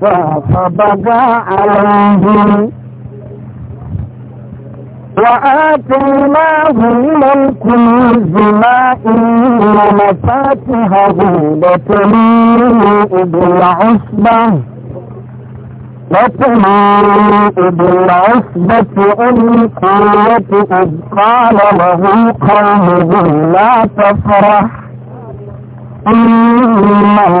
فبغى عليهم وآتيناه من الكنوز ما إن مفاتحه لتنوء بالعصبة وتنوء بالعصبة أولي القوة إذ قال له قومه لا تفرح إن الله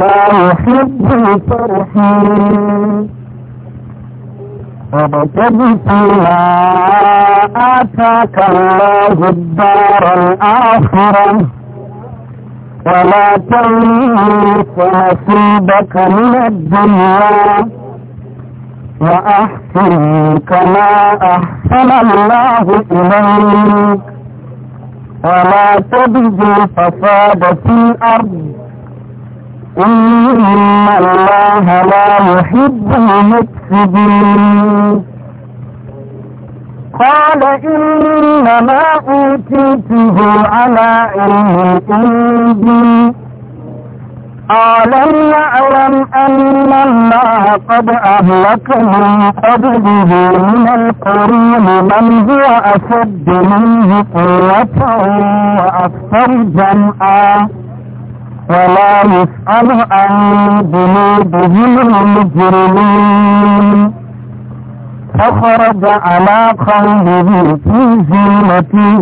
لا يحب الفرحين وابتغ فيما آتاك الله الدار الآخرة ولا تنس نصيبك من الدنيا وأحسن كما أحسن الله إليك ولا تبغوا الفساد في الأرض إن الله لا يحب المفسدين قال إنما أوتيته على علم عندي ألم يعلم أن الله قد أهلك من قبله من القرون من هو أشد منه قوة وأكثر جمعا ولا يسأل عن ذنوبهم المجرمين فخرج على قلبه في زينته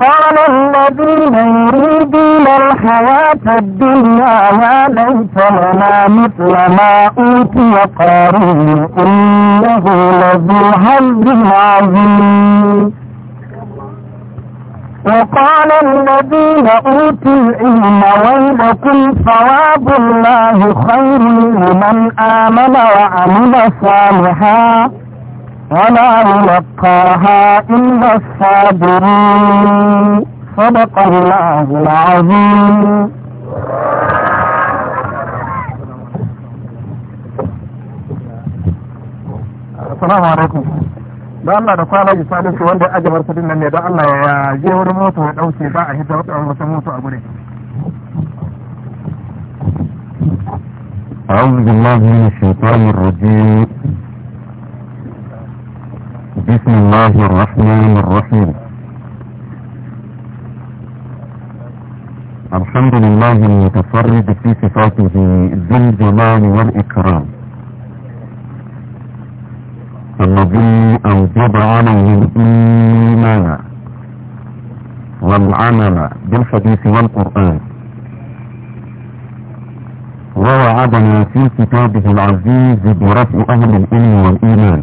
قال الذين يريدون الحياة الدنيا يا ليت لنا مثل ما أوتي قارون إنه لذو حظ عظيم وقال الذين أوتوا العلم ويلكم ثواب الله خير لمن آمن وعمل صالحا ولا يلقاها إلا الصابرون صدق الله العظيم السلام alaikum da Allah da kwana ji salisu wanda ya ajabar kudin nan ne da Allah ya je wani moto ya dauke ba a hidda wata wata moto a gure أعوذ بالله من الشيطان الرجيم بسم الله الرحمن الرحيم الحمد لله المتفرد في صفاته ذي الجلال والإكرام الذي أوجب عليه الإيمان والعمل بالحديث والقرآن ووعدنا في كتابه العزيز برفع أهل الإيمان والإيمان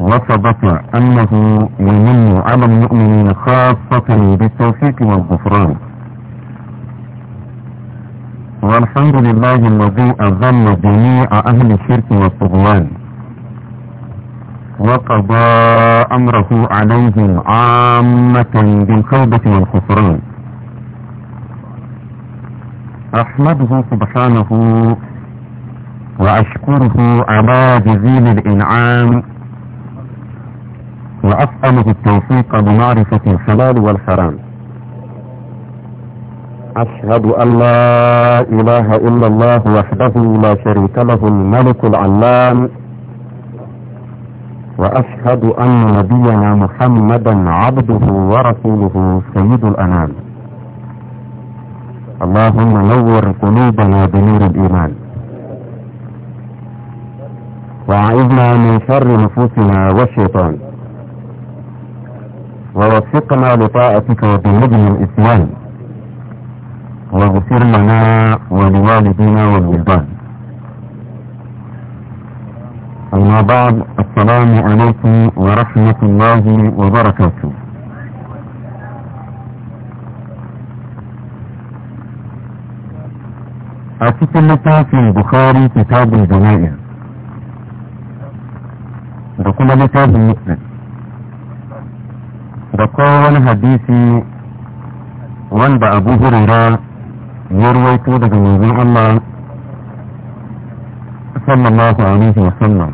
وثبت أنه يمن على المؤمنين خاصة بالتوفيق والغفران والحمد لله الذي أذل جميع أهل الشرك والطغيان وقضى أمره عليهم عامة بالخوبة والخسران أحمده سبحانه وأشكره على جزيل الإنعام وأسأله التوفيق لمعرفة الحلال والحرام أشهد أن لا إله إلا الله وحده لا شريك له الملك العلام وأشهد أن نبينا محمدا عبده ورسوله سيد الأنام اللهم نور قلوبنا بنور الإيمان وأعذنا من شر نفوسنا والشيطان ووفقنا لطاعتك وبلغنا الإسلام واغفر لنا ولوالدينا والولدان أما بعد السلام عليكم ورحمة الله وبركاته أتكلم في البخاري كتاب الجنائز وكما كتاب المسلم da kowane hadisi wanda abu hurira ya ruwaito daga manzon Allah sallallahu alaihi wasallam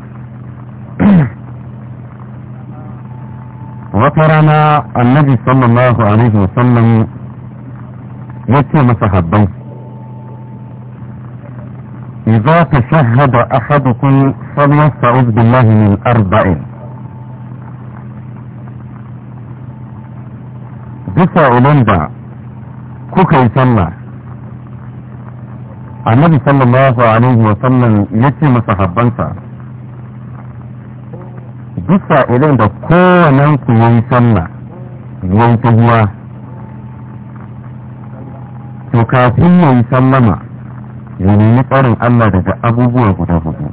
wata rana annabi sallallahu alaihi wasallam ya ce masa habbai إذا تشهد أحدكم فليستعذ بالله من أربعين bisa sa'ilin da kuka yi sallah annabi sallallahu alaihi wa sallam ya ce masahabbansa bisa sa'ilin da kowannen ku ya yi sallah ya yi tahiya to kafin ya yi sallama ya nemi tsarin Allah daga abubuwa guda hudu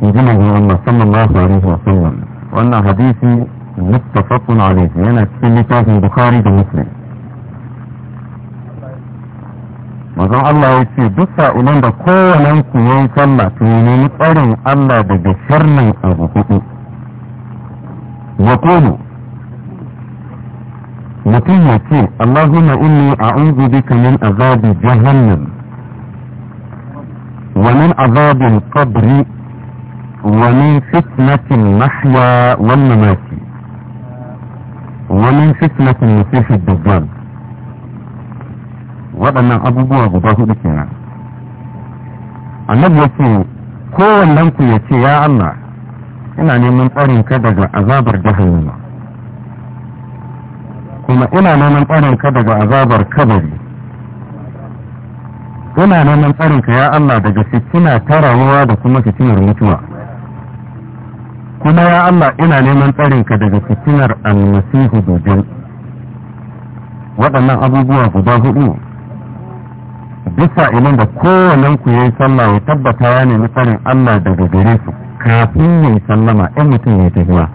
in ji manzon Allah a alaihi wa sallam wannan hadisi متفق عليه لأن كلمة من بخاري ومسلم mazan Allah ya ce duk sa'unan da kowannen ku yayi sallah to nemi tsarin Allah daga sharrin abu hudu ya kulu mutum ya ce Allahumma inni a'udhu bika min azabi jahannam wa min azabi al-qabri wa min fitnati al-mahya wal mamati wani fitnatin musifin dajjal waɗannan abubuwa guda hudu kenan annabi ya ce kowannen ku ya ce ya ina neman tsarin ka daga azabar jahannama kuma ina neman tsarin ka daga azabar kabari ina neman tsarin ka ya Allah daga fitina ta rayuwa da kuma fitinar mutuwa kuma ya Allah ina neman tsarinka daga fitinar almasihu dujal waɗannan abubuwa guda hudu bisa ilin da kowannen ku yi sallah ya tabbata ya nemi tsarin Allah daga gare su kafin yayi sallama ɗan mutum ya ta zuwa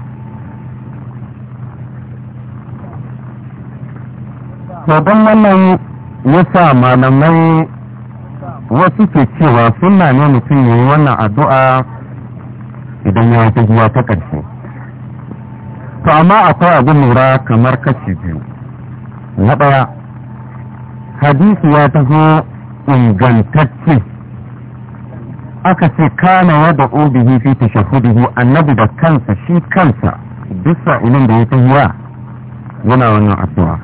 sabon wannan ya sa malamai wasu ke cewa suna ne mutum ya yi wannan addu'a idan ya wata zuwa ta ƙarshe to amma akwai abin lura kamar kashi biyu na ɗaya hadisi ya taho ingantacce aka ce kana wa da obihi fi tashahudihi annabi da kansa shi kansa duk sa'ilin da ya tahiya yana wannan addu'a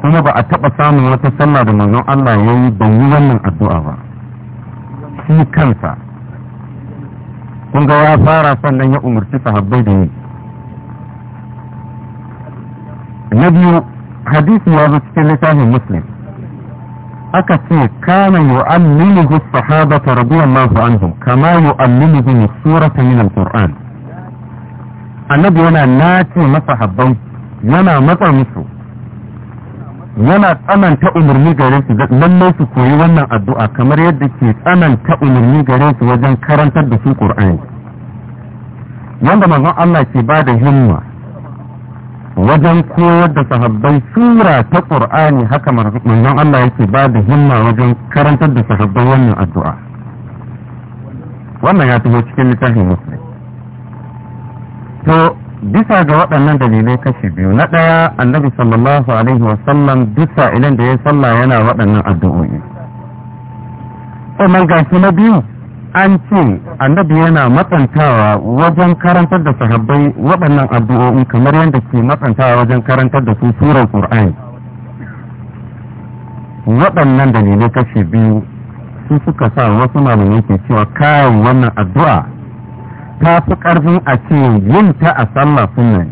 kuma ba a taɓa samun wata sallah da manzon Allah ya yi ban yi wannan addu'a ba shi kansa kun ga ya fara sannan ya umarci sahabbai da yi na biyu hadisi ya zo cikin littafin muslim aka ce kana yi sahaba ta rabuwan masu an zo kama yi yu'allimuhu tsura ta al-qur'an annabi yana nace masa habban yana matsa musu yana tsananta umarni gare su lallai su koyi wannan addu'a kamar yadda ke tsananta umarni gare su wajen karantar da su Qur'ani yadda manzon Allah ke ba da himma wajen koyar da sahabbai sura ta Qur'ani haka manzon Allah yake ba da himma wajen karantar da sahabbai wannan addu'a wannan ya taho cikin littafin Muslim to bisa ga waɗannan dalilai kashi biyu na ɗaya annabi sallallahu alaihi wasallam bisa idan da ya sallah yana waɗannan addu'o'i sannan gashi na biyu an ce annabi yana matsantawa wajen karantar da sahabbai waɗannan addu'o'i kamar yadda ke matsantawa wajen karantar da su surar qur'ani. waɗannan dalilai kashi biyu su suka sa wasu malamai ke cewa kayan wannan addu'a ta fi ƙarfin a ce yin ta a sallah sunna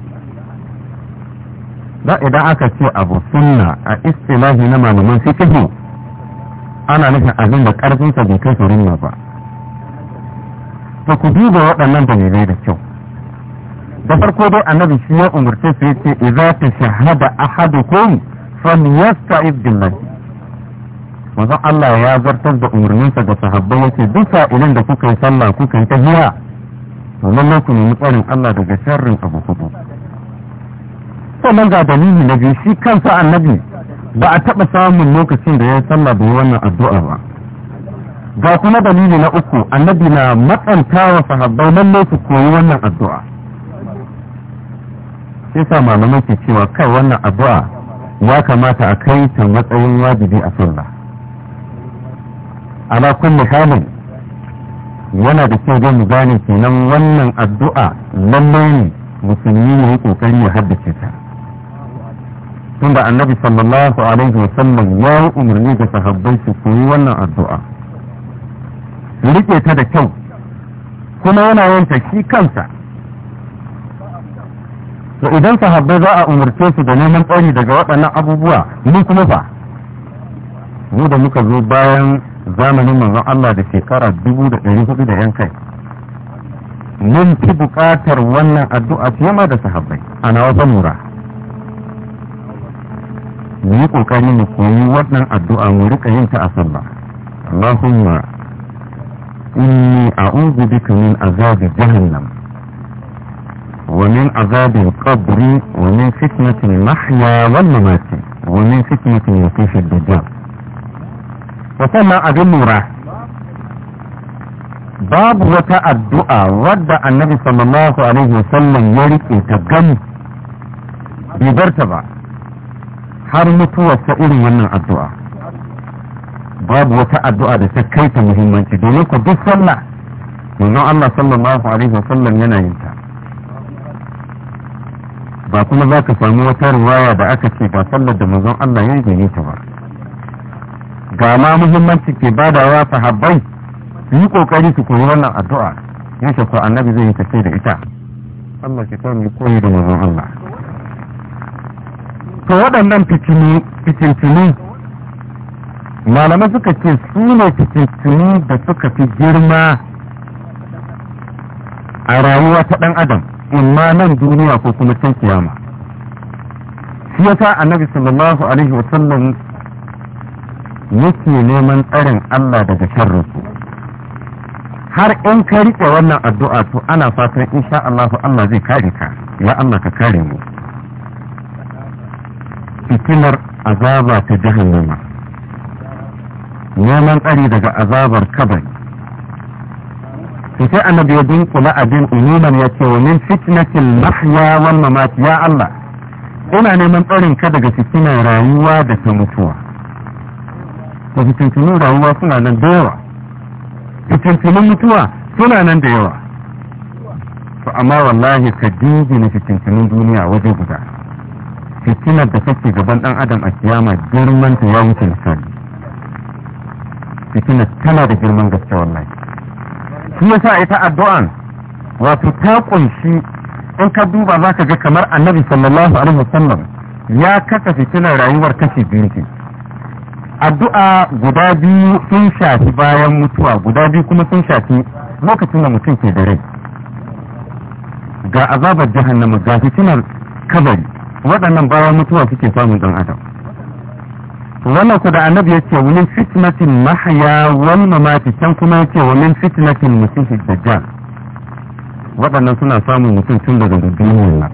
Ba idan aka ce abu sunna a istilahi na malaman fikihu ana nufin abin da ƙarfinsa bai kai sunna ba to ku duba waɗannan dalilai da kyau da farko dai annabi shi ya umarce su yace idza tashahada ahadukum falyasta'id billahi manzon Allah ya zartar da umarninsa ga sahabbai yace duk sa'ilin da kuka yi sallah kuka yi tahiya to lallai ku nemi tsarin Allah daga sharrin abu hudu sannan ga dalili na biyu shi kansa annabi ba a taɓa samun lokacin da ya sallah da wannan addu'a ba ga kuma dalili na uku annabi na matsanta wa sahabbai lallai su koyi wannan addu'a sai sa malamai ke cewa kai wannan addu'a ya kamata a kai ta matsayin wajibi a sunna ala kulli halin yana da kyau zai mu gane kenan wannan addu'a lallai ne musulmi ne ya kokari ya haddace ta tunda annabi sallallahu alaihi wa sallam ya umarni da sahabbai su koyi wannan addu'a rike ta da kyau kuma yana ta shi kansa to idan sahabbai za a umarce su da neman tsari daga waɗannan abubuwa mu kuma fa mu da muka zo bayan zamanin manzon Allah da shekara dubu da ɗari hudu da yan kai mun fi buƙatar wannan addu'a fiye ma da sahabbai ana wata mura mu yi ƙoƙari mu koyi wannan addu'a mu rika yin ta a sallah Allahumma inni a'udhu bika min azabi jahannam ومن عذاب القبر ومن فتنة المحيا والممات ومن فتنة يطيف الدجال musamman abin lura babu wata addu'a wadda annabi sallallahu alaihi wasallam ya rike ta gani bibarta ba har mutuwarsa irin wannan addu'a babu wata addu'a da ta kai ta muhimmanci domin ku duk sallah domin Allah sallallahu alaihi wasallam yana yin ta ba kuma za ka samu wata riwaya da aka ce ba sallar da manzon Allah ya yi ta ba ga ma muhimmanci ke badawa sahabbai su yi kokari su koyi wannan addu'a yake ko annabi zai yi tafi da ita Allah shi kawai mu koyi da manzon Allah to waɗannan fitini fitintini malamai suka ce su ne fitintini da suka fi girma a rayuwa ta ɗan adam imma nan duniya ko kuma can kiyama shi yasa annabi sallallahu alaihi sallam yake neman tsarin Allah daga sharrinsu har in ka riƙe wannan addu'a to ana fatan in sha Allah Allah zai kare ka ya Allah ka kare mu fitinar azaba ta jahannama neman tsari daga azabar kabari sai annabi ya dinkula abin umuman ya ce wa min fitnatil mahya wal mamat ya Allah ina neman tsarin ka daga fitinar rayuwa da ta mutuwa da fitintunin rayuwa suna nan da yawa fitintunin mutuwa suna nan da yawa to amma wallahi ka dubi na fitintunin duniya waje guda fitinar da take gaban dan adam a kiyama girman ta ya wuce misali fitinar tana da girman gaske wallahi shi yasa ita addu'an wato ta kunshi in ka duba za ka ga kamar annabi sallallahu alaihi wasallam ya kasa fitinar rayuwar kashi biyu addu'a guda biyu sun shafi bayan mutuwa guda biyu kuma sun shafi lokacin da mutum ke da rai ga azabar jahannama ga fitinar kabari waɗannan bayan mutuwa suke samun ɗan adam wannan ku da annabi ya ce wani fitnatin mahaya wani mamati can kuma ya ce wani fitnatin da dajjal waɗannan suna samun mutum tun daga duniya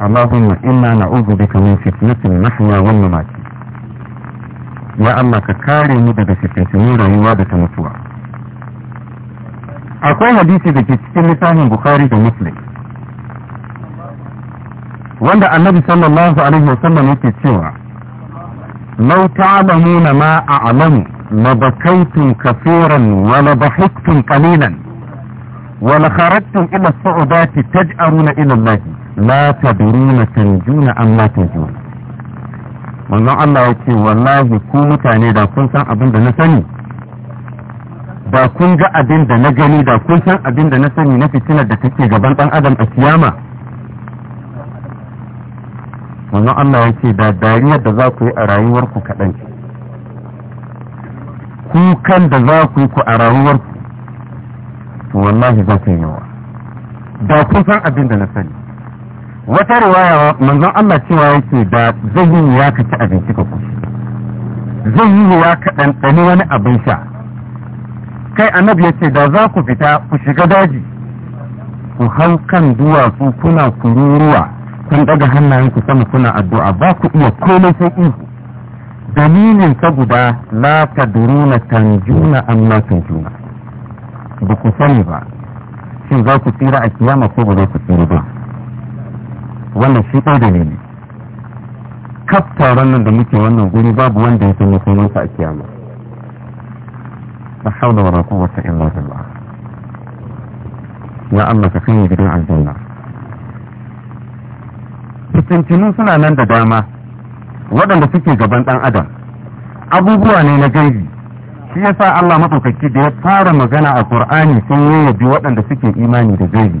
Allahumma inna na'udhu bika min fitnatil mahya wal mamat ya Allah ka kare mu daga fitnatin rayuwa da ta mutuwa akwai hadisi da ke cikin littafin Bukhari da Muslim wanda Annabi sallallahu alaihi wasallam yake cewa law ta'lamuna ma a'lamu لبكيتم كثيرا ولضحكتم قليلا ولخرجتم الى الصعوبات تجأرون الى الله la tabiruna tanjuna amma tanjuna Wannan Allah ya ce wallahi ku mutane da kun san abin da na sani da kun ga abin da na gani da kun san abin da na sani na fitinar da take gaban dan adam a kiyama Wannan Allah ya ce da dariyar da za ku yi a rayuwarku kaɗan ce kukan da za ku yi ku a rayuwarku to wallahi za ku yi yawa da kun san abin da na sani wata riwaya manzon Allah cewa yake da zai yi ya ka ci abinci ka kusa. zai yi ya ka ɗanɗani wani abin sha kai annabi ya ce da za ku fita ku shiga daji ku hau kan duwatsu kuna kururuwa kun daga hannayen ku sama kuna addu'a ba ku iya komai sai ihu dalilin ta guda la tadruna tanjuna amma tanjuna ba ku sani ba shin za ku tsira a kiyama ko ba za ku tsira ba wannan shi ɗaya ne kaf taron nan da muke wannan guri babu wanda ya san makomansa a kiyama wa hawla wata in lafi ba ya Allah ka kai gidan aljanna fitintinu suna nan da dama waɗanda suke gaban ɗan adam abubuwa ne na gaibi shi ya sa Allah matsaukaki da ya fara magana a Qur'ani sun yi waɗanda suke imani da gaibi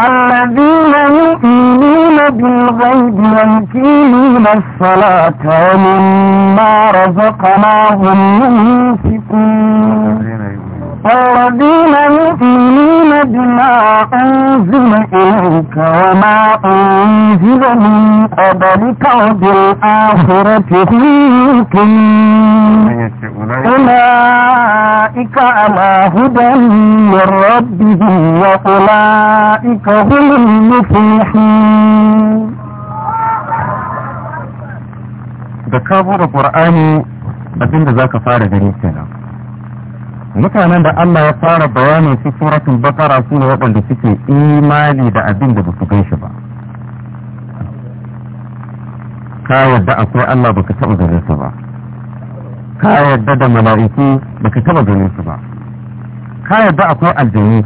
الذين يؤمنون بالغيب ويقيمون الصلاة ومما رزقناهم ينفقون الذين يؤمنون بما أنزل إليك وما أنزل من قبلك وبالآخرة في هم أولئك على هدى من ربهم وأولئك هم المفلحون da kaburar ƙur'ani abinda za ka fara gani kenan mutanen da Allah ya fara bayanin su suratul bakara su ne waɗanda suke imani da abin da ba su gan shi ba ka yadda akwai Allah baka taɓa gare su ba ka yadda da mala'iku baka taɓa gare su ba ka yadda akwai aljanu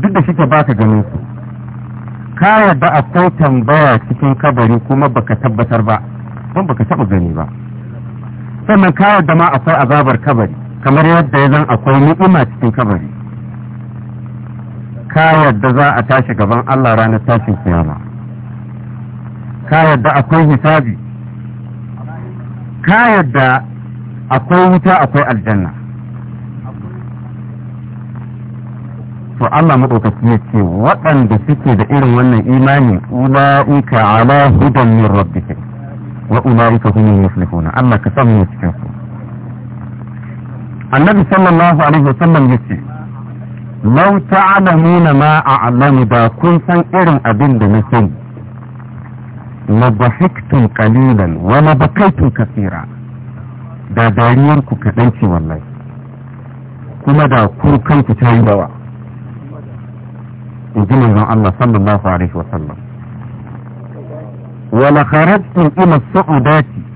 duk da shike baka gane su ka yadda akwai tambaya cikin kabari kuma baka tabbatar ba don baka taɓa gani ba sannan ka yadda ma akwai azabar kabari kamar yadda ya zan akwai ni'ima cikin kabari ka yadda za a tashi gaban Allah ranar tashin kiyama ka yadda akwai hisabi ka yadda akwai wuta akwai aljanna to Allah maɗaukaki ya ce waɗanda suke da irin wannan imani ula'ika ala hudan min rabbihim wa ula'ika humul muflihuna Allah ka samu cikin su annabi sallallahu alaihi wasallam ya ce lau na ma a'lamu ba kun san irin abin da na sani ma bahiktum qalilan wa ma bakaitum kaseera da dariyar ku kadan ce wallahi kuma da ku kanku ta yi dawa in ji manzon Allah sallallahu alaihi wasallam wa la kharajtum ila as-su'udati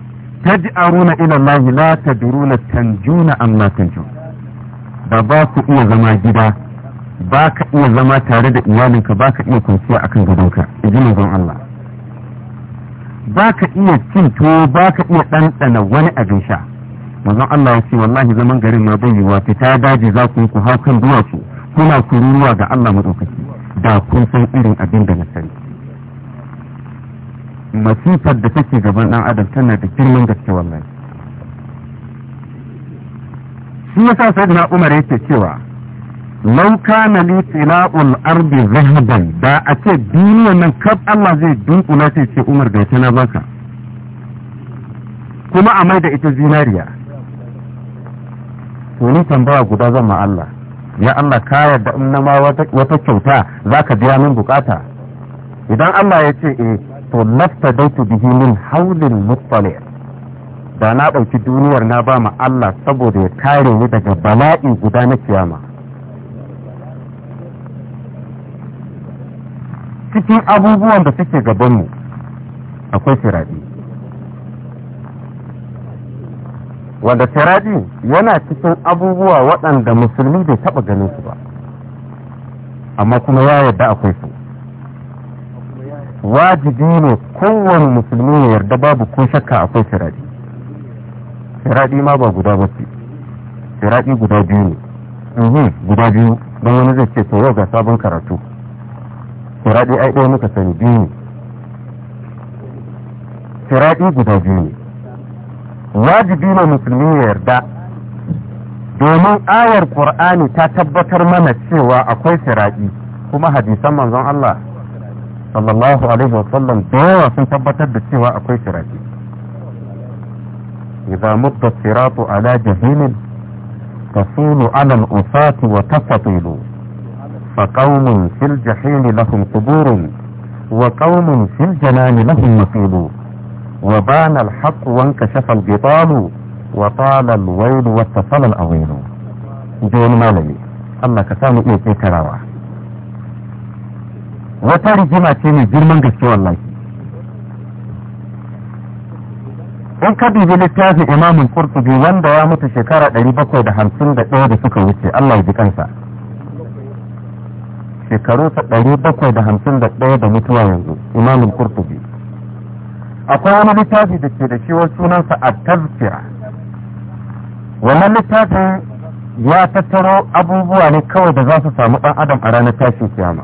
taj'aruna ila Allah la tadruna tanjuna amma tanju ba ba ku iya zama gida ba ka iya zama tare da iyalinka ba ka iya kwanciya akan gadonka ji manzon Allah ba ka iya cin tuwo ba ka iya ɗanɗana wani abin sha mazan Allah ya ce wallahi zaman garin ma bai yiwa fita daji za ku yi ku hau kan duwatsu kuna kururuwa ga Allah maɗaukaki da kun san irin abin da na sani masifar da take gaban ɗan adam tana da girman gaske wallahi shi sa sai na umar yake cewa lau kana li tila'ul ardi zahaban da a ce duniyar nan kaf Allah zai dunkula ta ce umar da ita na baka kuma a mai da ita zinariya to ni tambaya guda zan ma Allah ya Allah ka yarda in na ma wata kyauta zaka biya min bukata idan Allah ya ce eh to laftadaitu bihi min haulin muttali da na ɗauki duniyar na ba ma Allah saboda ya kare ni daga bala'i guda na kiyama cikin abubuwan da suke gabanmu akwai firaɗi wanda sirabi yana cikin abubuwa waɗanda musulmi bai taɓa ganin su ba amma kuma ya yarda akwai su wajibi ne kowane musulmi ya yarda babu ko shakka akwai firadi. Firadi ma ba guda ba ce siradi guda biyu ne mhm, guda biyu don wani zai ce to yau ga sabon karatu Firadi ai ɗaya muka sani biyu ne Firadi guda biyu ne wajibi ne musulmi ya yarda domin ayar ƙur'ani ta tabbatar mana cewa akwai firadi, kuma hadisan manzon Allah sallallahu alaihi wasallam da yawa sun tabbatar da cewa akwai sirati idza mutta siratu ala jahilin tasulu ala al-usati wa tafatilu فقوم wa الجحيم لهم قبور وقوم في الجنان لهم مثيل وبان الحق وانكشف البطال وطال الويل واتصل الأويل جون مالي أما كسام إيه كراوة wata rigima ce mai girman gaske wallahi in ka dubi littafin imamin kurtubi wanda ya mutu shekara 751 da suka wuce Allah ya ji kansa shekaru 751 da mutuwa yanzu imamin kurtubi akwai wani littafi da ke da shi wa sunansa a tazkira wannan littafin ya tattaro abubuwa ne kawai da za su samu dan adam a ranar tashin kiyama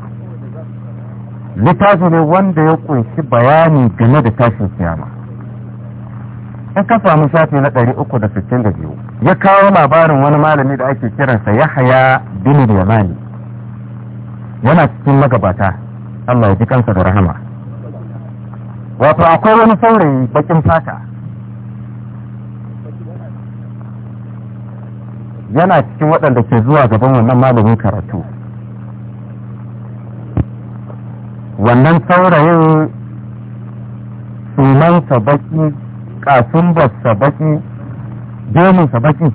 littafi ne wanda ya kunshi bayani game da tashin kiyama in ka samu shafi na ɗari ya kawo labarin wani malami da ake kiransa yahaya bin yamani yana cikin magabata Allah ya ji kansa da rahama wato akwai wani saurayi bakin fata yana cikin waɗanda ke zuwa gaban wannan malamin karatu wannan saurayin sabaki kasun kasunbarsa baki domin sabaki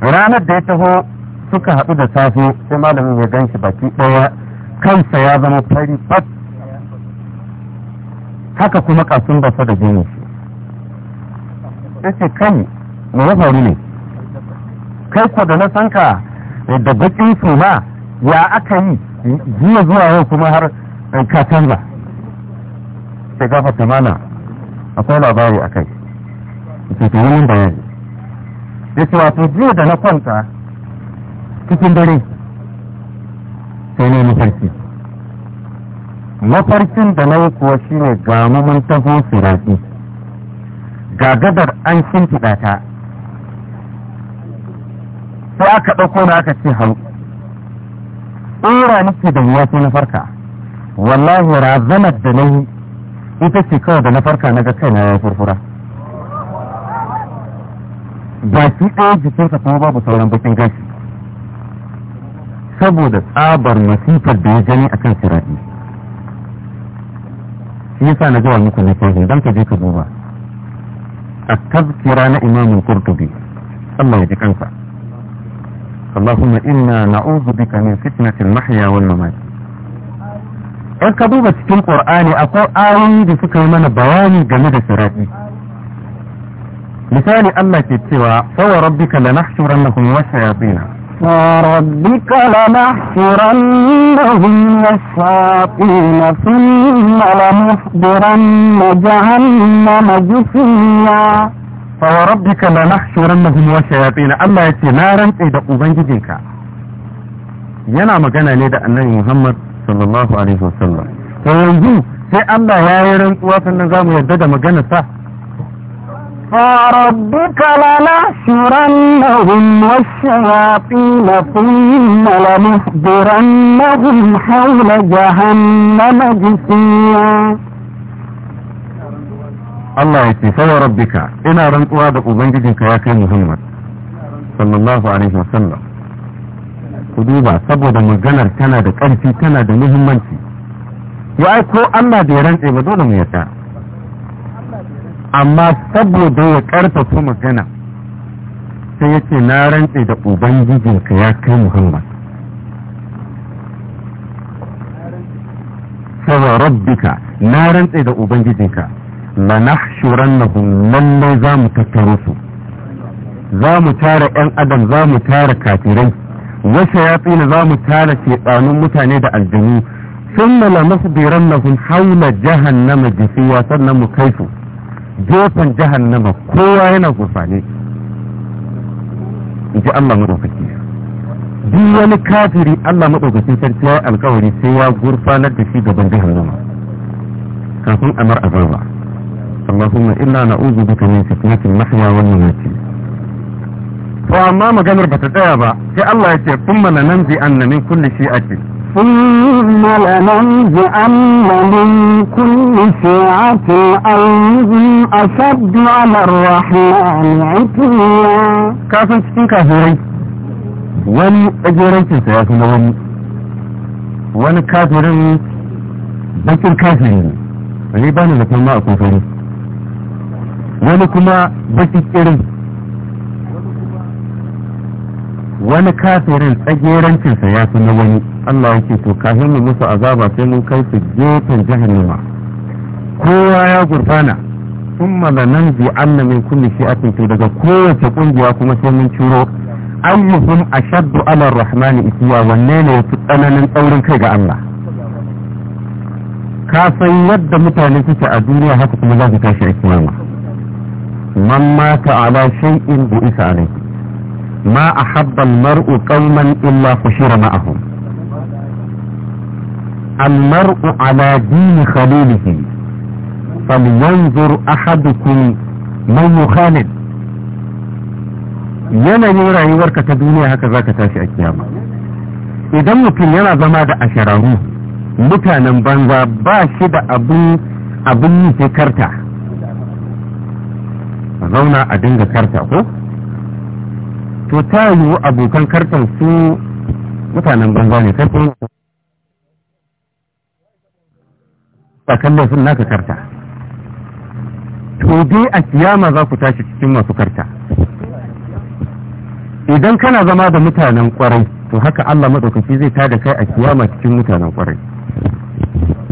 ranar da ya taho suka haɗu da safe sai malamin ya gan shi baki ɗaya kansa ya zama fari fat haka kuma kasunbarsa da jini shi ya ce kan na ya faru ne kai ko da na sanka da bakin suna ya aka yi jiya zuwa yau kuma har eh, ka canza sai gafa tamana akwai labari a kai ke ta yi bayani ya ce wato jiya da na kwanta cikin dare sai ne mafarki mafarkin da na yi kuwa shi ne ga mun taho siraki ga gadar an shimfiɗa ta sai aka ɗauko na aka ce hau tsora nake da wuya sai na farka wallahi razanar da na yi ita ce kawai da na farka na ga kai na ya furfura shi ɗaya jikinsa kuma babu sauran bakin gashi saboda tsabar masifar da ya gani a kan siraɗi shi yasa na gawa muku na shahi don ka je ka duba a tazkira na imamin kurtubi Allah ya ji kansa اللهم إنا نعوذ بك من فتنة المحيا والممات إن كذوبة في القرآن أقول آوي بفكة من بواني جمد سراتي مثال الله تتوى فوربك لنحشرنهم والشياطين فوربك لنحشرنهم والشياطين ثم لنحضرن جهنم جثيا فوربك لنحشرنهم وشياطين Allah yace na rantse da ubangijinka yana magana ne da annabi Muhammad sallallahu alaihi wasallam to yanzu sai Allah ya yi rantsuwa sannan zamu yarda da magana sa فربك لنحشرنهم والشياطين ثم لنحضرنهم حول جهنم جثيا Allah ya ce fawa rabbika ina rantsuwa da ka ya kai Muhammad sallallahu alaihi wasallam ku duba saboda maganar tana da ƙarfi tana da muhimmanci ya ko Allah bai rantse ba dole mu yarda amma saboda ya ƙarfafa magana sai yace na rantse da ka ya kai Muhammad fawa rabbika na rantse da ka la lanahshurannahum lallai za mu tattaro su za mu tara ƴan adam za mu tara kafirai ya yatsina za mu tara shekanun mutane da aljanu sun mala nasbirannahum haula jahannama jisiya sannan mu kai su gefen jahannama kowa yana gurfane in ji Allah maɗaukaki duk wani kafiri Allah maɗaukaki sarki ya alkawari sai ya gurfanar da shi gaban jahannama kafin amar azaba اللهم إلا نعوذ بك من فتنة المحيا والممات فأما مجمر بتتابع في الله يتي ثم لننزي أن من كل شيئة ثم لننزي أن من كل شيعة أيهم أشد على الرحمن عتيا كافن تكون كافرين وان أجرين ya kuma وان كافرين kafirin الكافرين kafiri ne ba ni da wani kuma bakikirin wani kafirin tsagerancinsa ya fi na wani Allah yake to kafin mu musu azaba sai mun kai su gefen jahannama kowa ya gurfana sun malanan bi anna min kulli shi'atin to daga kowace kungiya kuma sai mun ciro ayyuhum ashaddu ala rahmani itiya wanne ne yafi tsananin tsaurin kai ga Allah ka san yadda mutane suke a duniya haka kuma za su tashi a kiyama man mata ala shay'in bu isa alai ma ahabba al-mar'u qauman illa fushira ma'ahum al-mar'u ala dini khalilihi falyanzur ahadukum yi yanayin rayuwarka ta duniya haka zaka tashi a kiyama idan mutum yana zama da ashararu mutanen banza ba shi da abin yi karta zauna a dinga karta ko to ta yiwu abokan kartan su mutanen banza ne kai kuma ba kallon sun naka karta to dai a kiyama za ku tashi cikin masu karta idan kana zama da mutanen kwarai to haka Allah madaukaki zai tada kai a kiyama cikin mutanen kwarai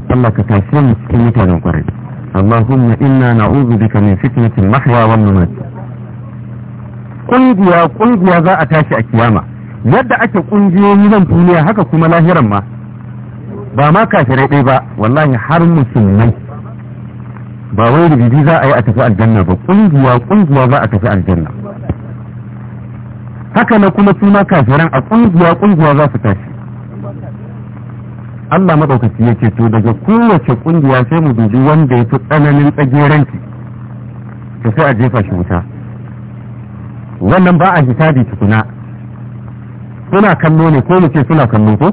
Allah ka tashi mu cikin mutanen kwarai اللهم إنا نعوذ بك من فتنة المحوى والممات ƙungiya ƙungiya za a tashi a kiyama yadda ake ƙungiyoyi nan duniya haka kuma lahiran ma ba ma kafirai ɗaya ba wallahi har musulmai ba wai da bibi za a yi a tafi aljanna ba ƙungiya ƙungiya za a tafi aljanna haka na kuma suna kafiran a ƙungiya ƙungiya za su tashi Allah maɗaukaci ya ce to daga kowace kungiya sai mu dubi wanda ya fi tsananin tsagerenki to sai a jefa shi wuta wannan ba a hisabi tukuna suna kallo ne ko mu ce suna kallo ko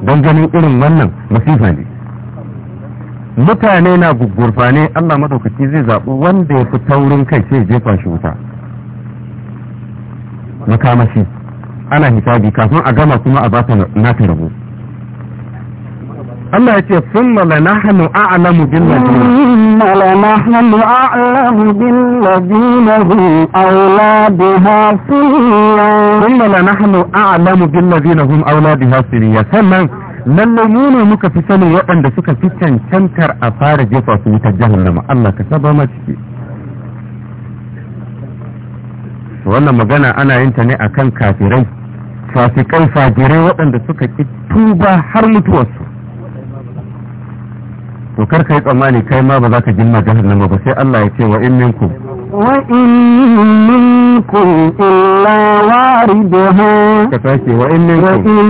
don ganin irin wannan masifa ne mutane na ne Allah maɗaukaci zai zaɓi wanda ya fi taurin kai sai jefa shi wuta makamashi ana hisabi kafin a gama kuma a ba ta nata rabo Allah ya ce sun malana hannu a alamu bin lazina hun aula biha siriya sannan lallai mu ne muka fi sanin waɗanda suka fi cancantar a fara jefa su wutar jahannama Allah ka saba ma ciki wannan magana ana yin ta ne akan kafirai fasikan fajirai waɗanda suka ki tuba har mutuwarsu to kar kai yi tsammani kai ma ba za ka girma jahannama ba sai Allah ya ce wa in minkum wa in minkum illa wariduha ka sake wa in minkum wa in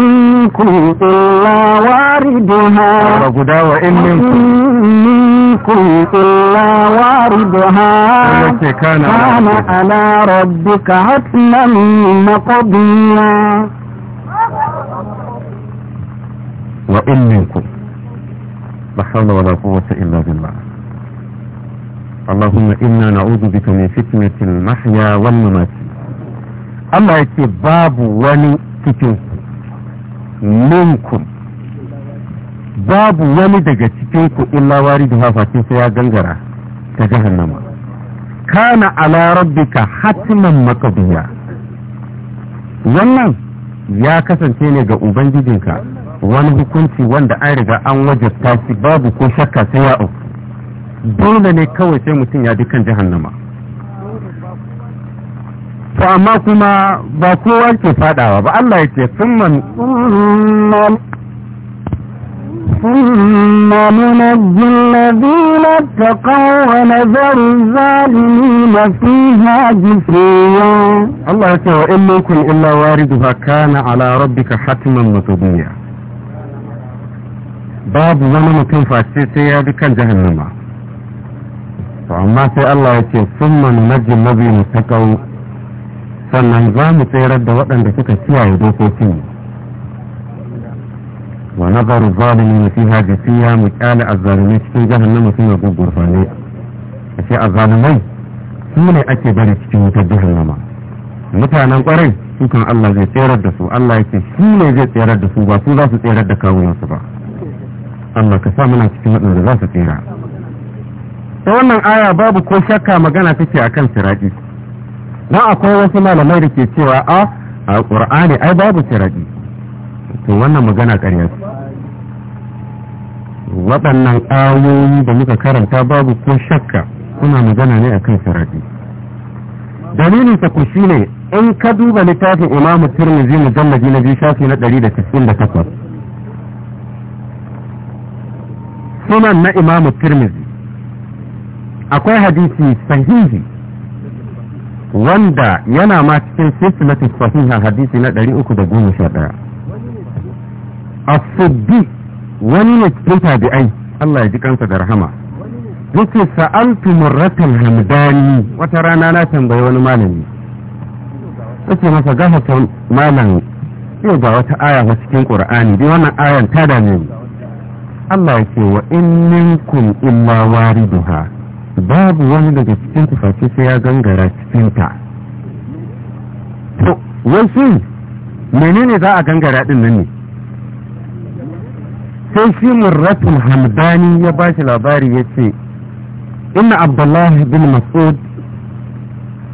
minkum illa wariduha ba guda wa in minkum illa منكم إلا واردها كان على ربك حتما wa in minkum لا حول Allah ya ce babu wani cikin minkum babu wani daga cikin ku illa wari da hafatin sai ya gangara ta jahannama kana ala rabbika hatiman maqdiya wannan ya kasance ne ga ubangijinka wani hukunci wanda an riga an wajabta shi babu ko shakka sai ya uku, dole ne kawai sai mutum ya kan jahannama to amma kuma ba kowa ke fadawa ba Allah ya ce summan ثم ننجي الذين اتقوا ونذر الظالمين فيها جثيا الله يقول وإن منكم إلا واردها كان على ربك حتما مقضيا babu wani mutum face sai ya bi kan jahannama to amma sai Allah ya ce summa nunajjin mabi mutaqaw sannan za mu tsayar da waɗanda suka kiyaye dokokin wa nazaru zalimin fiha jasiya mu kyale azzalimai cikin jahannama suna gurgurfane ashe azzalimai su ne ake bari cikin wutar jahannama mutanen kwarai sukan Allah zai tsayar da su Allah ya ce shi ne zai tsayar da su ba su za su tsayar da kawunansu ba Allah ka sa muna cikin waɗanda za su tsira ta wannan aya babu ko shakka magana take kan siraji don akwai wasu malamai da ke cewa a a ƙur'ani ai babu siraji to wannan magana ƙarya waɗannan ayoyi da muka karanta babu ko shakka suna magana ne akan siraji dalilin ta ku shi ne in ka duba littafin imamu tirmidhi mujallabi na biyu shafi na ɗari da takwas. sunan na imamu tirmizi akwai hadisi sahihi wanda yana ma cikin silsilatu sahihan hadisi na 311 A siddi wani ne cikin tabi'ai Allah ya ji kansa da rahama yake sa'altu murratan hamdani wata rana na tambayi wani malami yake masa gafa malam yau ba wata aya cikin ƙur'ani, dai wannan ayan ta dame ni Allah ya ce wa in minkum illa wariduha babu wani daga cikin tufafi sai ya gangara cikin ta to wasu menene za a gangara din nan ne sai shi murratul hamdani ya ba shi labari ya ce inna abdullahi bin mas'ud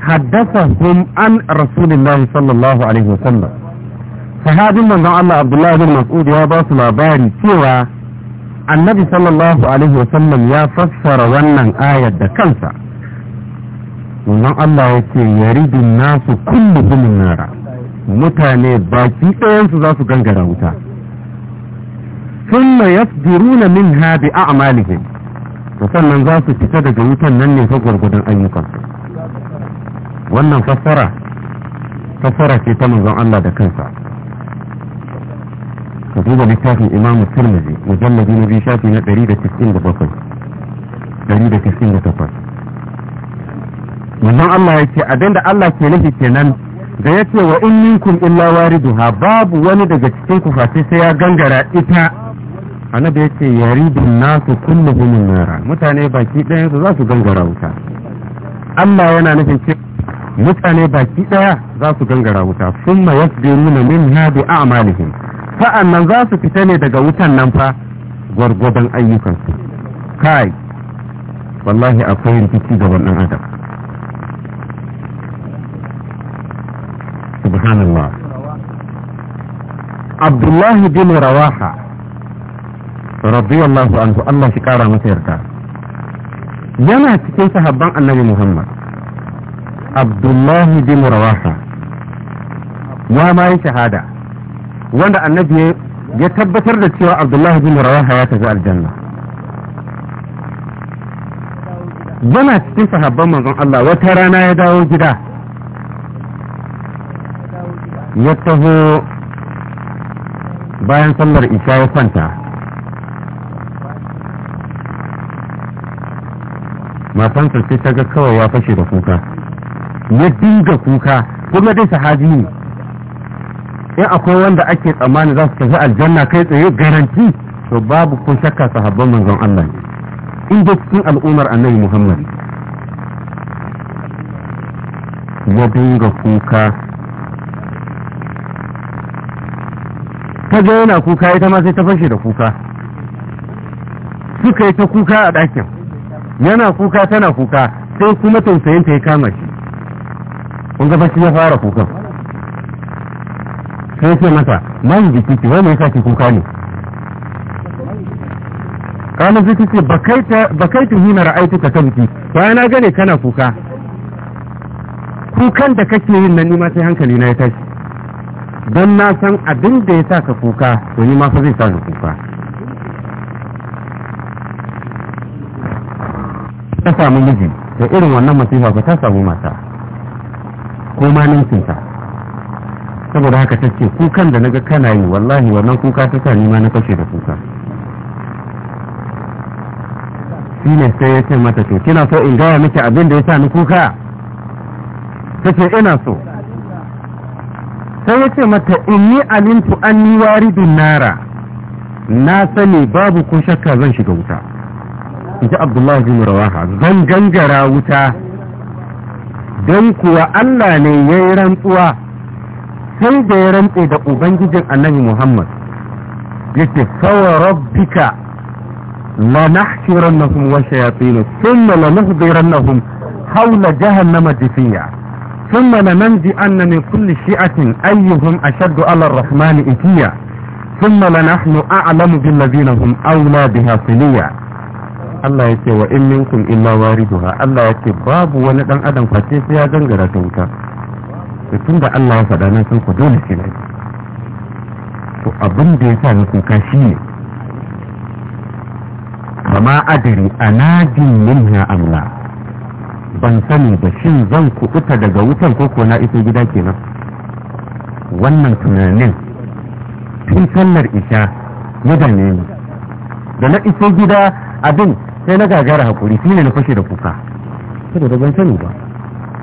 حدثهم عن رسول الله صلى الله عليه وسلم sahabin manzon Allah Abdullahi bin Mas'ud ya ba su labari cewa annabi sallallahu alaihi wasallam ya fassara wannan ayar da kansa wannan Allah ya ce yaridin nasu kullu gumin nara mutane baki su za su gangara wuta ثم يصدرون منها بأعمالهم sannan za su fita daga wutan nan ne fa gwargwadon ayyukan wannan fassara fassara ce ta manzon Allah da kansa ka duba littafin imamu turmizi mujallabi na biyu shafi na 198 manzon Allah ya ce abinda Allah ke nufi kenan da ya ce wa in minkum illa wariduha babu wani daga cikin ku face sai ya gangara ita annabi ya ce yaridun nasu kulluhum nara mutane baki ɗayan su za su gangara wuta Allah yana nufin ce mutane baki ɗaya za su gangara wuta sun ma yasbiru na min hadi a'malihim sa'an nan za su fita ne daga wutan nan fa gwargwadon ayyukansu kai wallahi akwai rikici ga wannan adam subhanallah abdullahi bin rawaha radiyallahu anhu Allah shi kara masa yarda yana cikin sahabban annabi muhammad abdullahi bin rawaha ya ma yi shahada wanda annabi ya tabbatar da cewa abdullahi bin rawaha ya tafi aljanna yana cikin sahabban manzon Allah wata rana ya dawo gida ya taho bayan sallar isha ya kwanta matansa sai ta ga kawai ya fashe da kuka ya dinga kuka kuma dai sahabi ne in akwai wanda ake tsammani za su tafi aljanna kai tsaye garanti to babu ko shakka sahabban manzon Allah in da cikin al'ummar annabi Muhammad ya dinga kuka ta ga yana kuka ita ma sai ta fashe da kuka suka yi ta kuka a ɗakin yana kuka tana kuka sai kuma tausayinta ya kama shi kun ga fashi ya fara kukan sai ce masa man jiki ki wani yasa ke kuka ne kana zai ce ba kai tuni na aiki ka tabki ya na gane kana kuka kukan da kake yin nan nima sai hankali na ya tashi don na san abin da ya sa ka kuka to nima fa zai sa ka kuka ta samu miji da irin wannan masifa ba ta samu mata ko ma ninkinta saboda haka ta ce kukan da naga kana yi wallahi wannan kuka ta sa nima na kashe da kuka shi ne sai ya ce mata to kina so in gaya miki abin da ya sa ni kuka ta ce ina so sai ya ce mata in yi alintu an ni bin nara na sani babu ko shakka zan shiga wuta in ji abdullahi bin rawaha zan gangara wuta don kuwa allah ne ya yi rantsuwa sai da ya rantse da ubangijin annabi muhammad ya ce fawa rabbika la nahshiran nahum wa shayatina thumma la nuhdiran nahum hawla jahannama jifiya thumma la nanji anna min kulli shi'atin ayyuhum ashaddu ala ar-rahman itiya thumma la nahnu a'lamu bil ladina hum awla biha siliya Allah yake wa in minkum illa wariduha Allah yake babu wani dan adam face sai ya gangara ta wuta tunda tun da Allah ya faɗa na san ku dole sai na to abin da ya sa ni kuka shi ne kama adari a nadin minha amla ban sani da shin zan kuɓuta daga wutan ko koko na iso gida kenan wannan tunanin tun sallar isha ya dame ni da na iso gida abin sai na gagara hakuri shine na fashe da kuka saboda ban sani ba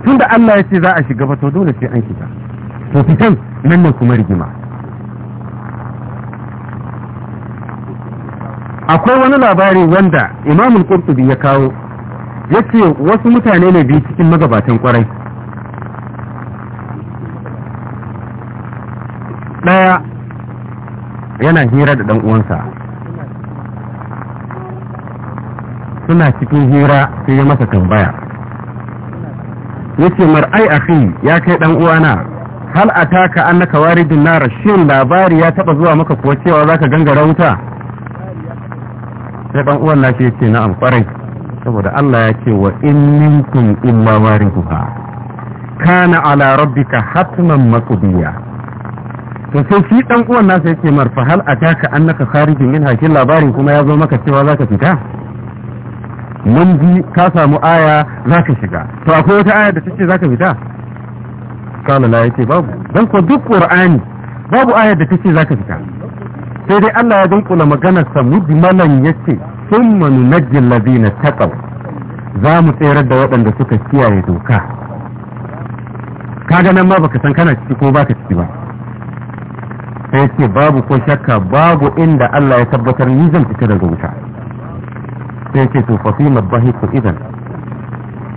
tun da Allah ya ce za a shiga ba to dole sai an shiga to fitan nan ne kuma rigima akwai wani labari wanda imamul qurtubi ya kawo ya ce wasu mutane ne biyu cikin magabatan kwarai ɗaya yana hira da ɗan uwansa suna cikin hira sai ya masa tambaya yace mar'ai akhi ya kai dan uwana hal a ataka annaka waridun nar shin labari ya taba zuwa maka kuwa cewa zaka gangara wuta sai dan uwan na ce na kwarai saboda Allah ya ce wa in minkum illa wariduha kana ala rabbika hatman maqdiya to sai shi dan uwan nasa yake mar fa hal ataka annaka kharijun min hakin labarin kuma ya zo maka cewa zaka fita mun bi ka samu aya za ka shiga to akwai wata aya da ce za ka fita kala la ce babu don ko duk qur'ani babu aya da ce za ka fita sai dai Allah ya dunkula maganar sa mujmalan yace thumma nunajji ta taqaw za mu tsayar da waɗanda suka kiyaye doka kaga nan ma baka san kana ciki ko baka ciki ba sai ce babu ko shakka babu inda Allah ya tabbatar ni zan fita daga wuta sai ce to fasima bahiku idan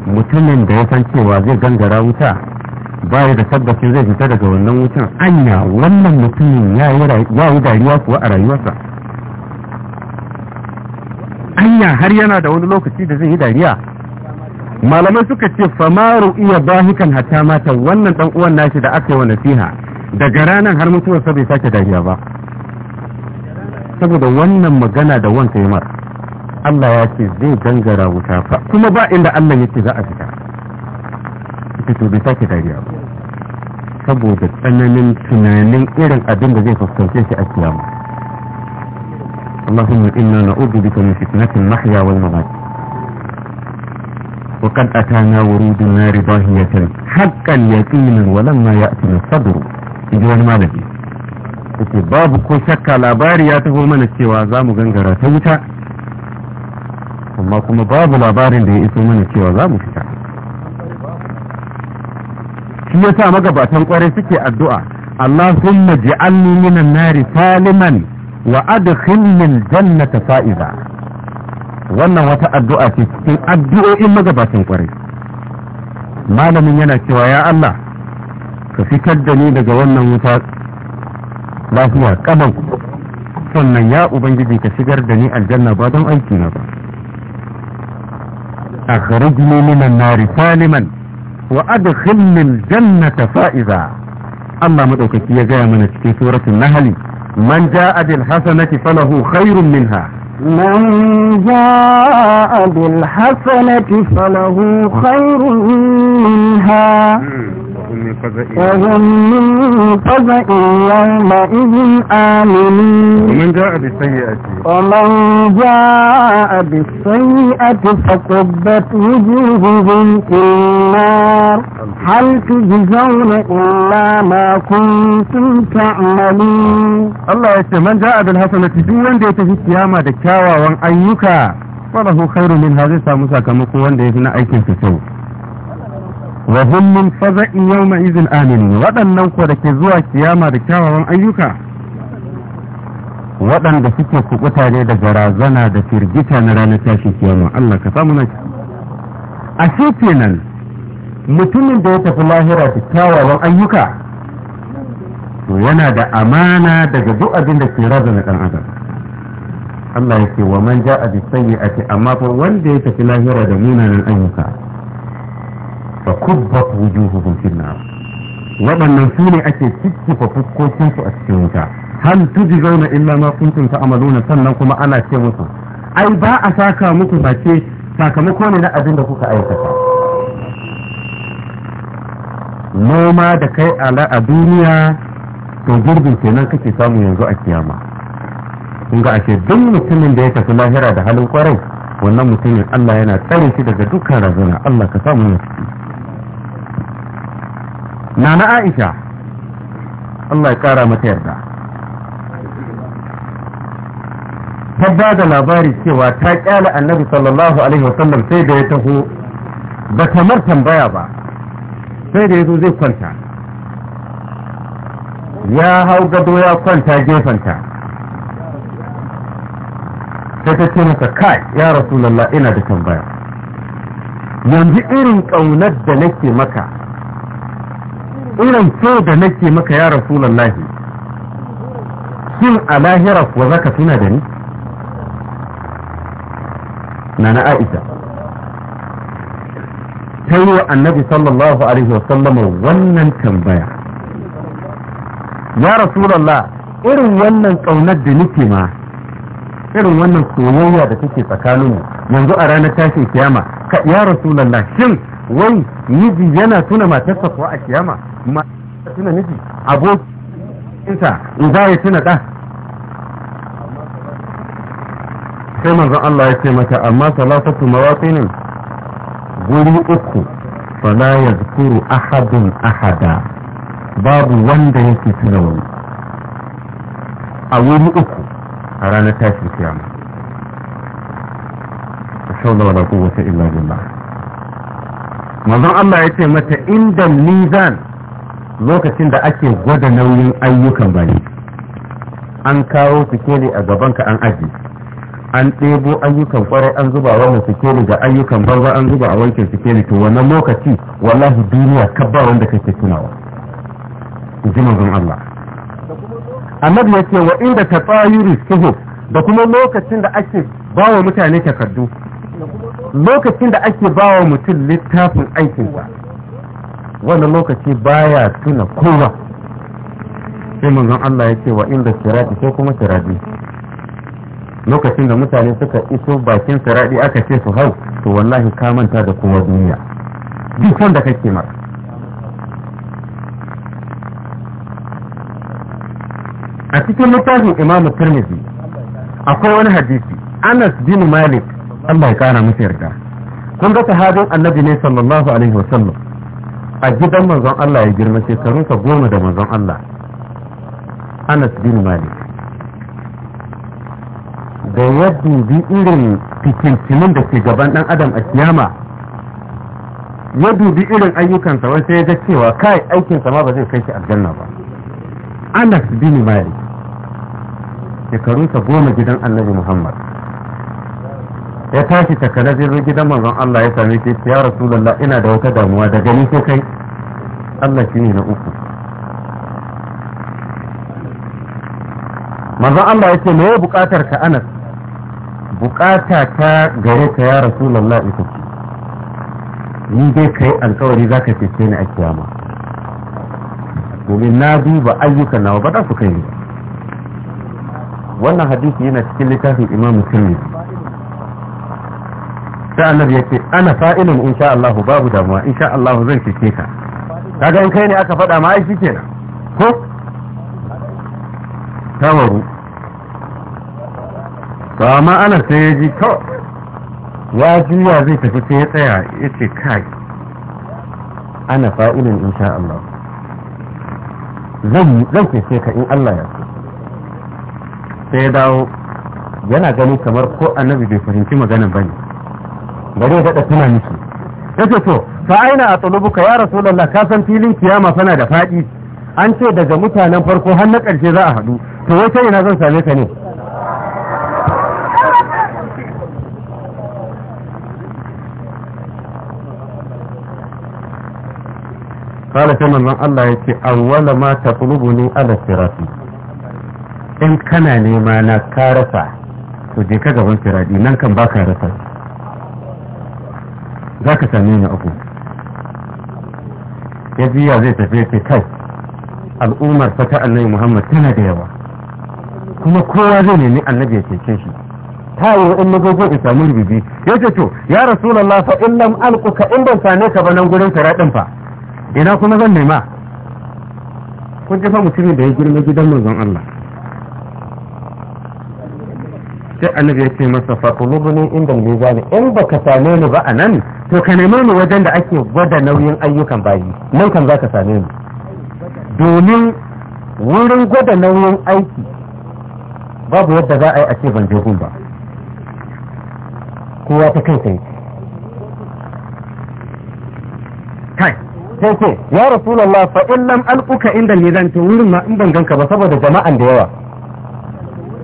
mutumin da ya san cewa zai gangara wuta ba da tabbacin zai fita daga wannan wutan anya wannan mutumin ya yi dariya kuwa a rayuwarsa anya har yana da wani lokaci da zai yi dariya malaman suka ce famaru iya bahikan hata mata wannan dan uwan nashi da aka yi wa nasiha daga ranar har sa bai sake dariya ba saboda wannan magana da wanka yi mara Allah ya ce zai gangara wuta fa kuma ba inda Allah yake za a fita ita to bai sake dariya ba saboda tsananin tunanin irin abin da zai fuskance shi a kiyama اللهم إنا نعوذ بك من فتنة المحيا والممات وقد أتانا ورود النار ضاهية حقا يقينا ولما يأتنا الصبر إجوان ما نبي babu ko shakka labari ya taho mana cewa za mu gangara ta wuta amma kuma babu labarin da ya iso mana cewa za mu fita shi ya sa magabatan kwarai suke addu'a Allahumma ji'alni minan nari saliman wa adkhilni aljannata fa'iza wannan wata addu'a ce cikin addu'o'in magabatan kwarai malamin yana cewa ya Allah ka fitar da ni daga wannan wuta lafiya kaban sannan ya ubangiji ka shigar da ni aljanna ba don aiki na ba أخرجني من النار سالما وأدخلني الجنة فائزا الله مدعوك يا جاء من في سورة النهل من جاء بالحسنة فله خير منها من جاء بالحسنة فله خير منها هم من فزع وهم من فزع يومئذ آمنين ومن جاء بالسيئة ومن جاء بالسيئة فكبت وجوههم في النار هل تجزون إلا ما كنتم تعملون الله يسلم من جاء بالحسنة دون دي تجي كياما دكاوا وان أيوكا falahu khairu minha zai samu sakamako wanda ya fi na aikin su kyau wa zunnun faza'in yau mai izin amini waɗannan ko da ke zuwa kiyama da kyawawan ayyuka waɗanda suke ku ne daga razana da firgita na ranar tashi kiyama Allah ka samu nake. a kenan mutumin da ya tafi lahira da kyawawan ayyuka to yana da amana daga duk abin da ke razana ɗan adam Allah ya ce wa man ja'a bi sayyi'ati amma fa wanda ya tafi lahira da munanan ayyuka fa kubbat wujuhuhum fi nar waɗannan su ne ake cikkifa fukokin su a cikin wuta hal tujzauna illa ma kuntum ta'maluna sannan kuma ana ce musu ai ba a saka muku sake sakamako ne na abin da kuka aikata noma da kai ala a duniya to gurbin kenan kake samu yanzu a kiyama kun ga ake duk mutumin da ya tafi lahira da halin kwarai wannan mutumin Allah yana tsare shi daga dukkan razana Allah ka samu ya na na aisha Allah ya kara mata yarda ta ba da labari cewa ta kyala annabi sallallahu alaihi wasallam sai da ya taho ba kamar tambaya ba sai da ya zo zai kwanta ya hau gado ya kwanta gefanta sai ta ce masa kai ya rasulallah ina da tambaya yanzu irin ƙaunar da nake maka irin so da nake maka ya rasulullahi shin a lahira kuwa za ka tuna da ni na na aisha ta yi wa annabi sallallahu alaihi wa wasallama wannan tambaya ya rasulallah irin wannan ƙaunar da nake ma irin wannan soyayya da take tsakaninmu yanzu a ranar tashin kiyama ya rasulallah shin wai miji yana tuna matarsa kuwa a kiyama ma tuna miji abokinsa in za ya tuna da. sai manzon Allah ya ce mata amma salatatu mawaqinin guri uku fala yazkuru ahadun ahada babu wanda yake tuna wani a wuri uku a ranar tashin kiyama. Shau da wadaku wata illa billah. manzon Allah ya ce mata inda mizan lokacin da ake gwada nauyin ayyukan bane an kawo sikeli a gabanka an aji an ɗebo ayyukan kwarai an zuba wannan sikeli da ayyukan banza an zuba a wankin sikeli to wannan lokaci wallahi duniya kabba wanda kake tunawa ji manzon Allah annabi ya ce wa inda ta tsayuri suhu da kuma lokacin da ake ba wa mutane takardu lokacin da ake ba wa mutum littafin aikinsa wannan lokaci baya tuna kowa sai manzon Allah ya ce wa inda sirati sai kuma sirati lokacin da mutane suka iso bakin sirati aka ce su hau to wallahi ka manta da kowa duniya duk wanda kake mara a cikin littafin imamu tirmidhi akwai wani hadisi anas bin malik Allah ya kara musu yarda kun ga sahabin annabi ne sallallahu alaihi wa sallam a gidan manzon Allah ya girma ka goma da manzon Allah Anas bin Malik da ya dubi irin fitintunin da ke gaban dan adam a kiyama ya dubi irin ayyukansa wai sai ya ga cewa kai aikinsa ma ba zai kai shi aljanna ba Anas bin Malik ka goma gidan annabi Muhammad ya tashi takala zai gidan manzon Allah ya same shi ya rasulullah ina da wata damuwa da gani sai kai Allah shi ne na uku manzon Allah ya ce me ya bukatar ka Anas bukata ta gare ka ya rasulullah ita ce ni dai kai alkawari ka cece ni a kiyama domin na duba ayyukan nawa ba za su kai ni wannan hadisi yana cikin littafin Imam Muslim sai annabi yake ana fa'ilin insha Allah babu damuwa insha Allah zan cike ka kaga in kai ne aka faɗa ma ai na ko tawaru to amma ana sai ya ji to ya juya zai tafi sai ya tsaya ya ce kai ana fa'ilin insha Allah zan zan cece ka in Allah ya so sai dawo yana gani kamar ko annabi bai fahimci maganar bane bari ya faɗa suna miki yace to fa aina a tsulubuka ya rasu ka san filin kiyama fana da faɗi an ce daga mutanen farko har na ƙarshe za a haɗu to wai ta ina zan same ka ne قال كما من الله يتي أول ما تطلبني على الصراط إن je لما نكارسا تجيك nan kan ba ka باكارسا za ka same ni uku ya biya zai tafiye ce kai al'ummar ta ta annabi muhammad tana da yawa kuma kowa zai nemi annabi ya cece shi ta yi in magogo in samu rubibi. ya ce to ya rasulallah fa in lam alquka in ban same ka ba nan gurin raɗin fa ina kuma zan nema kun ji fa mutumin da ya girma gidan manzon Allah sai annabi ya ce masa fa ne inda ni in baka same ni ba a nan. to ka nemi ni wajen da ake gwada nauyin ayyukan bayi nan kan za ka same ni domin wurin gwada nauyin aiki babu yadda za a yi a ce ban je ba kowa ta kai kai kai sai ce ya rasulullah fa in lam alquka inda ni zan ce wurin ma in ban ganka ba saboda jama'an da yawa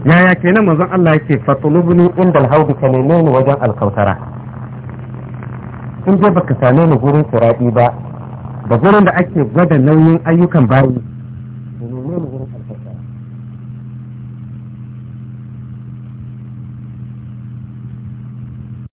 yaya kenan manzon Allah yake fatlubni inda alhawd ka neme ni wajen alkautara in je baka same ni gurin suraɗi ba da gurin da ake gwada nauyin ayyukan bayi